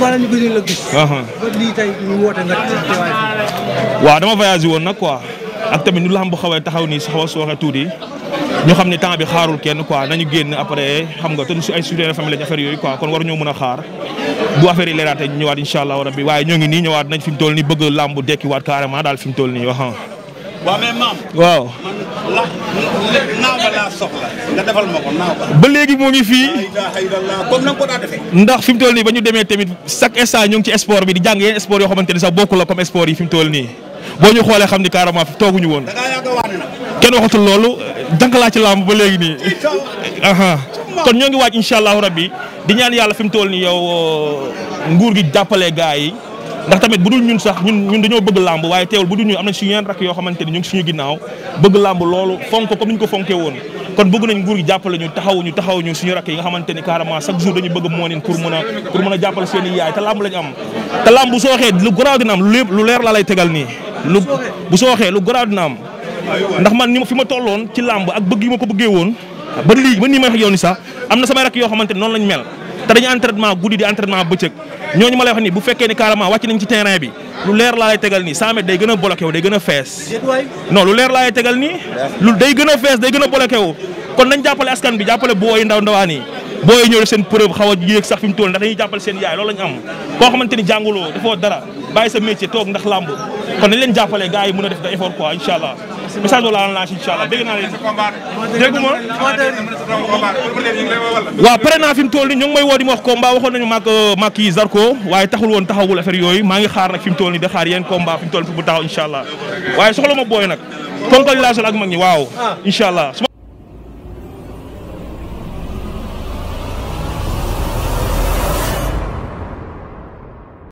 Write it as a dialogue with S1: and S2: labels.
S1: maanaam ñu gëjoon la gis. ba lii tey ñu woote nga teewaay waaw dama voyagé woon nag quoi ak tamit nu lamb bu xawee taxaw nii xaw a sooxe tuuti ñu xam ni temps bi xaarul kenn quoi nañu génn après xam nga te su ay suñu famille lañ affaire yooyu quoi kon ñoo mën a xaar bu affaire yi leeraatee ñu ñëwaat incha allah rabbi waaye ñoo ngi nii ñëwaat nañ fi mu toll nii bëgg lamb dekkiwaat carrément daal fi mu toll nii tol waaw mais a waaw nga ko ba léegi moo ngi fii. comme na ko daa ndax fi mu toll nii ba ñu demee tamit chaque instant ñu ngi ci sport bi di jàng yeneen sport yoo xamante ni sax bokku la comme sport yi fi toll nii boo ñu xoolee xam ni carrément fi tooguñu woon. da ngaa yàgg a wax ne nag. kenn waxatul loolu jànk ci làmb ba léegi nii. kon ñoo ngi waaj incha allahu rabbi di ñaan yàlla fi mu toll nii yow euh, nguur gi jàppale gaa yi ndax tamit bu dul ñun sax ñun ñun dañoo bëgg làmb waaye teewul bu dul ñun am nañ suñu yeneen rakk yoo xamante ni ñu ngi suñu ginnaaw bëgg làmb loolu fonk comme ni ñu ko fonkee woon kon bëgg nañ nguur gi jàppale ñu taxaw ñu taxaw ñu suñu rakk yi nga xamante ni carrément chaque jour dañu bëgg moonin pour mën a a jàppale seen yaay te làmb am te làmb lu garaaw dina lu leer la lay tegal nii lu bu sooxee lu garaaw dina am ndax man ni fi ma tolloon ci làmb ak bëgg yi ma ko bëggee woon ba lii ba nii may wax yow ni sax am na samay rakk yoo xamante noonu lañ mel te dañu entraînement guddi di entraînement bëccëg ñooñu ma lay wax ni bu fekkee ni carrément wàcc nañ ci terrain bi lu leer laa lay tegal nii 100 day gën a bloqué wu day gën a fees non lu leer laa lay tegal nii day gën a fees day gën a bloqué wu kon nañ jàppale askan bi jàppale booy ndaw ndawaan yi booy ñëw def seen preuve xaw a yéeg sax fi mu toll ndax dañuy jàppale seen yaay loolu lañ am koo xamante ni jànguloo dafoo dara bàyyi sa métier toog ndax làmb kon nañ leen jàppale gars yi mën a def da effort quoi allah message boobu laa doon laaj incha allah dégg naa leen dégguma waaw pare naa fi mu toll nii ñu ngi may woo di ma wax waxoon nañu maag euh, maag kii Zarko waaye taxul woon taxawul affaire yooyu maa ngi xaar nag fi mu toll nii da xaar yeen combat fi mu toll fi bu taxaw incha allah waaye soxla ma booy nag ponkal laa sol ak mag ñi waaw ah. incha